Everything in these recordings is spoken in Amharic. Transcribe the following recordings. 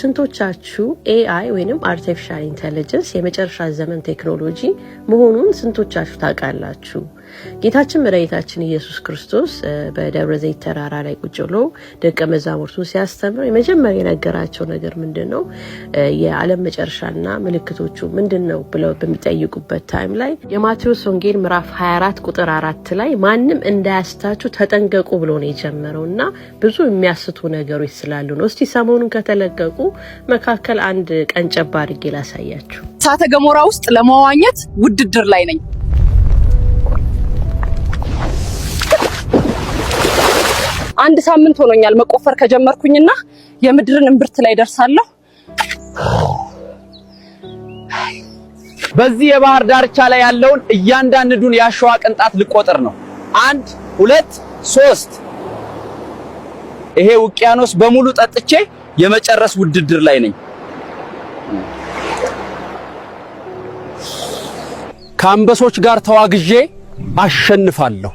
ስንቶቻችሁ ኤአይ ወይም አርቲፊሻል ኢንቴሊጀንስ የመጨረሻ ዘመን ቴክኖሎጂ መሆኑን ስንቶቻችሁ ታውቃላችሁ? ጌታችን መድኃኒታችን ኢየሱስ ክርስቶስ በደብረ ዘይት ተራራ ላይ ቁጭ ብሎ ደቀ መዛሙርቱን ሲያስተምር የመጀመሪያ የነገራቸው ነገር ምንድን ነው? የዓለም መጨረሻና ምልክቶቹ ምንድን ነው ብለው በሚጠይቁበት ታይም ላይ የማቴዎስ ወንጌል ምዕራፍ 24 ቁጥር አራት ላይ ማንም እንዳያስታችሁ ተጠንቀቁ ብሎ ነው የጀመረው እና ብዙ የሚያስቱ ነገሮች ስላሉ ነው። እስቲ ሰሞኑን ከተለቀቁ መካከል አንድ ቀን ጨባ አድርጌ ላሳያችሁ። እሳተ ገሞራ ውስጥ ለመዋኘት ውድድር ላይ ነኝ። አንድ ሳምንት ሆኖኛል መቆፈር ከጀመርኩኝና የምድርን እምብርት ላይ ደርሳለሁ። በዚህ የባህር ዳርቻ ላይ ያለውን እያንዳንዱን የአሸዋ ቅንጣት ልቆጥር ነው። አንድ ሁለት ሶስት። ይሄ ውቅያኖስ በሙሉ ጠጥቼ የመጨረስ ውድድር ላይ ነኝ። ከአንበሶች ጋር ተዋግዤ አሸንፋለሁ።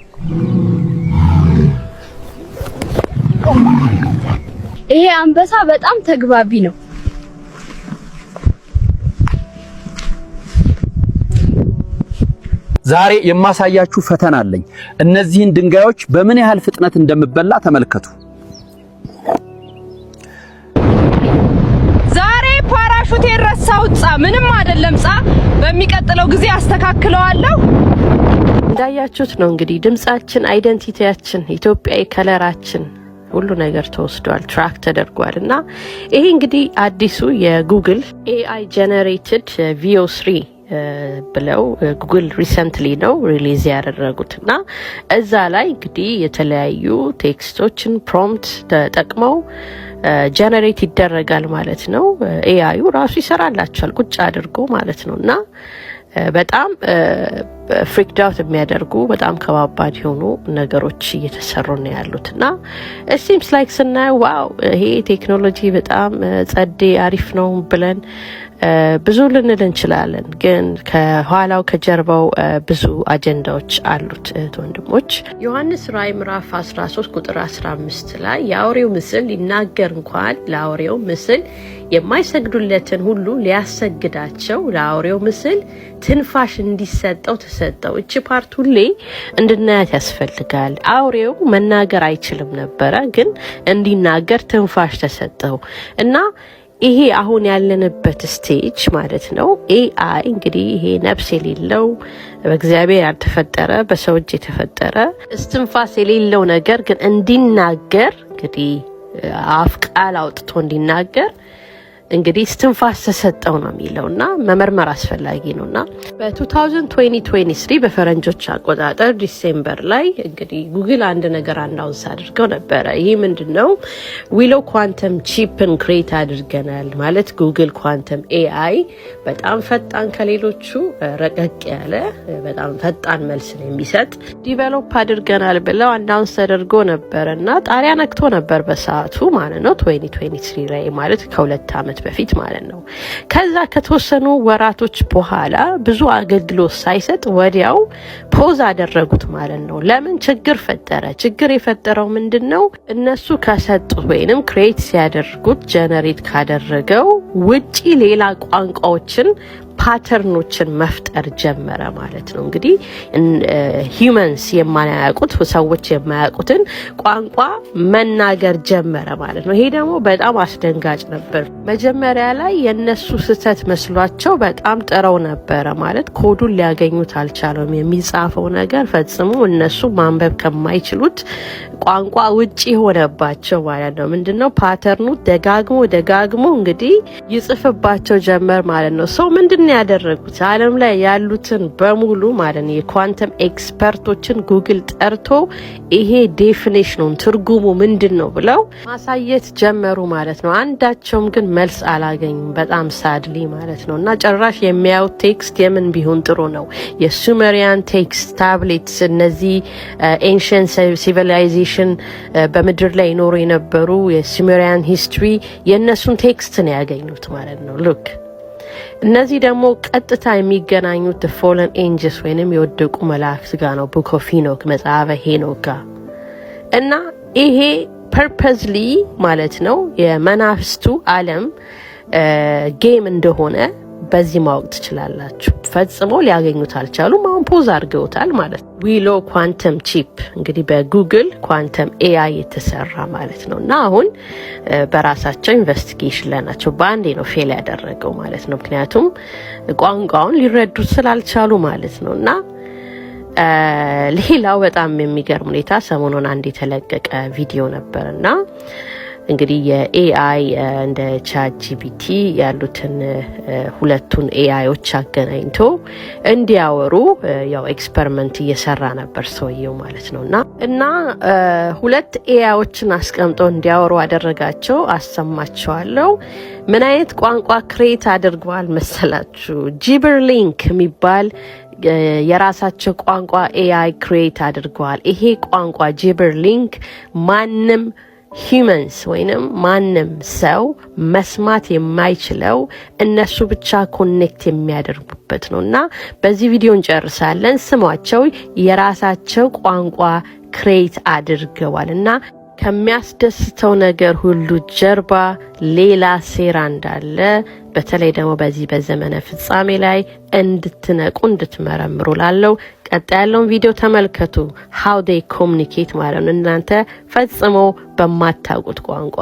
ይሄ አንበሳ በጣም ተግባቢ ነው። ዛሬ የማሳያችሁ ፈተና አለኝ። እነዚህን ድንጋዮች በምን ያህል ፍጥነት እንደምበላ ተመልከቱ። ዛሬ ፓራሹቴን ረሳሁት። ጻ ምንም አይደለም። ጻ በሚቀጥለው ጊዜ አስተካክለዋለሁ። እንዳያችሁት ነው እንግዲህ ድምጻችን፣ አይደንቲቲያችን፣ ኢትዮጵያዊ ከለራችን ሁሉ ነገር ተወስዷል፣ ትራክ ተደርጓል። እና ይሄ እንግዲህ አዲሱ የጉግል ኤአይ ጀነሬትድ ቪኦ ስሪ ብለው uh, ጉግል ሪሰንትሊ ነው ሪሊዝ ያደረጉት እና እዛ ላይ እንግዲህ የተለያዩ ቴክስቶችን ፕሮምፕት ተጠቅመው ጀነሬት uh, ይደረጋል ማለት ነው። ኤአዩ uh, ራሱ ይሰራላቸዋል ቁጭ አድርጎ ማለት ነው እና በጣም ፍሪክድ አውት የሚያደርጉ በጣም ከባባድ የሆኑ ነገሮች እየተሰሩ ነው ያሉት እና ሲምስ ላይክ ስናየው ዋው ይሄ ቴክኖሎጂ በጣም ጸዴ አሪፍ ነው ብለን ብዙ ልንል እንችላለን፣ ግን ከኋላው ከጀርባው ብዙ አጀንዳዎች አሉት። እህት ወንድሞች፣ ዮሐንስ ራእይ ምዕራፍ 13 ቁጥር 15 ላይ የአውሬው ምስል ሊናገር እንኳን ለአውሬው ምስል የማይሰግዱለትን ሁሉ ሊያሰግዳቸው ለአውሬው ምስል ትንፋሽ እንዲሰጠው ተሰጠው። እች ፓርት ሁሌ እንድናያት ያስፈልጋል። አውሬው መናገር አይችልም ነበረ፣ ግን እንዲናገር ትንፋሽ ተሰጠው እና ይሄ አሁን ያለንበት ስቴጅ ማለት ነው። ኤአይ እንግዲህ ይሄ ነፍስ የሌለው በእግዚአብሔር ያልተፈጠረ በሰው እጅ የተፈጠረ እስትንፋስ የሌለው ነገር ግን እንዲናገር እንግዲህ አፍ ቃል አውጥቶ እንዲናገር እንግዲህ ስትንፋስ ተሰጠው ነው የሚለው እና መመርመር አስፈላጊ ነው እና በ2023 በፈረንጆች አቆጣጠር ዲሴምበር ላይ እንግዲህ ጉግል አንድ ነገር አናውንስ አድርገው ነበረ። ይህ ምንድን ነው? ዊሎ ኳንተም ቺፕን ክሬት አድርገናል ማለት ጉግል ኳንተም ኤአይ በጣም ፈጣን ከሌሎቹ ረቀቅ ያለ በጣም ፈጣን ነው የሚሰጥ ዲቨሎፕ አድርገናል ብለው አናውንስ ተደርጎ ነበረ እና ጣሪያ ነክቶ ነበር በሰዓቱ ማለት ነው 2023 ላይ ማለት ከሁለት ዓመት በፊት ማለት ነው። ከዛ ከተወሰኑ ወራቶች በኋላ ብዙ አገልግሎት ሳይሰጥ ወዲያው ፖዝ አደረጉት ማለት ነው። ለምን ችግር ፈጠረ? ችግር የፈጠረው ምንድን ነው? እነሱ ከሰጡት ወይንም ክሬት ሲያደርጉት ጀነሬት ካደረገው ውጪ ሌላ ቋንቋዎችን ፓተርኖችን መፍጠር ጀመረ ማለት ነው። እንግዲህ ሂመንስ የማያውቁት ሰዎች የማያውቁትን ቋንቋ መናገር ጀመረ ማለት ነው። ይሄ ደግሞ በጣም አስደንጋጭ ነበር። መጀመሪያ ላይ የእነሱ ስህተት መስሏቸው በጣም ጥረው ነበረ። ማለት ኮዱን ሊያገኙት አልቻለም። የሚጻፈው ነገር ፈጽሞ እነሱ ማንበብ ከማይችሉት ቋንቋ ውጭ ሆነባቸው ማለት ነው። ምንድን ነው ፓተርኑ ደጋግሞ ደጋግሞ እንግዲህ ይጽፍባቸው ጀመር ማለት ነው። ሰው ምንድን ነው ያደረጉት? ዓለም ላይ ያሉትን በሙሉ ማለት ነው የኳንተም ኤክስፐርቶችን ጉግል ጠርቶ ይሄ ዴፊኔሽኑን ትርጉሙ ምንድን ነው ብለው ማሳየት ጀመሩ ማለት ነው። አንዳቸውም ግን መልስ አላገኝም። በጣም ሳድሊ ማለት ነው። እና ጭራሽ የሚያዩት ቴክስት የምን ቢሆን ጥሩ ነው? የሱሜሪያን ቴክስት ታብሌትስ፣ እነዚህ ኤንሽን ሲቪላይዜሽን በምድር ላይ ይኖሩ የነበሩ የሱሜሪያን ሂስትሪ የእነሱን ቴክስት ነው ያገኙት ማለት ነው። ሉክ እነዚህ ደግሞ ቀጥታ የሚገናኙት ፎለን ኤንጅስ ወይንም የወደቁ መላእክት ጋር ነው። ቡክ ኦፍ መጽሐፈ ሄኖክ ጋር እና ይሄ ፐርፐዝሊ ማለት ነው የመናፍስቱ ዓለም ጌም እንደሆነ በዚህ ማወቅ ትችላላችሁ። ፈጽሞ ሊያገኙት አልቻሉም። አሁን ፖዝ አድርገውታል ማለት ነው። ዊሎ ኳንተም ቺፕ እንግዲህ በጉግል ኳንተም ኤአይ የተሰራ ማለት ነው እና አሁን በራሳቸው ኢንቨስቲጌሽን ላይ ናቸው። በአንዴ ነው ፌል ያደረገው ማለት ነው። ምክንያቱም ቋንቋውን ሊረዱት ስላልቻሉ ማለት ነው እና ሌላው በጣም የሚገርም ሁኔታ ሰሞኑን አንድ የተለቀቀ ቪዲዮ ነበር እና እንግዲህ የኤአይ እንደ ቻት ጂፒቲ ያሉትን ሁለቱን ኤአይዎች አገናኝቶ እንዲያወሩ ያው ኤክስፐሪመንት እየሰራ ነበር ሰውየው ማለት ነው። እና እና ሁለት ኤአይዎችን አስቀምጦ እንዲያወሩ አደረጋቸው። አሰማቸዋለው። ምን አይነት ቋንቋ ክሬት አድርገዋል መሰላችሁ? ጂበርሊንክ የሚባል የራሳቸው ቋንቋ ኤአይ ክሬት አድርገዋል። ይሄ ቋንቋ ጂበርሊንክ ማንም ሂመንስ ወይንም ማንም ሰው መስማት የማይችለው እነሱ ብቻ ኮኔክት የሚያደርጉበት ነው እና በዚህ ቪዲዮ እንጨርሳለን። ስሟቸው የራሳቸው ቋንቋ ክሬት አድርገዋል እና ከሚያስደስተው ነገር ሁሉ ጀርባ ሌላ ሴራ እንዳለ በተለይ ደግሞ በዚህ በዘመነ ፍጻሜ ላይ እንድትነቁ እንድትመረምሩ ላለው ቀጣ ያለውን ቪዲዮ ተመልከቱ። ሀው ዴይ ኮሚኒኬት ማለት ነው እናንተ ፈጽሞ በማታውቁት ቋንቋ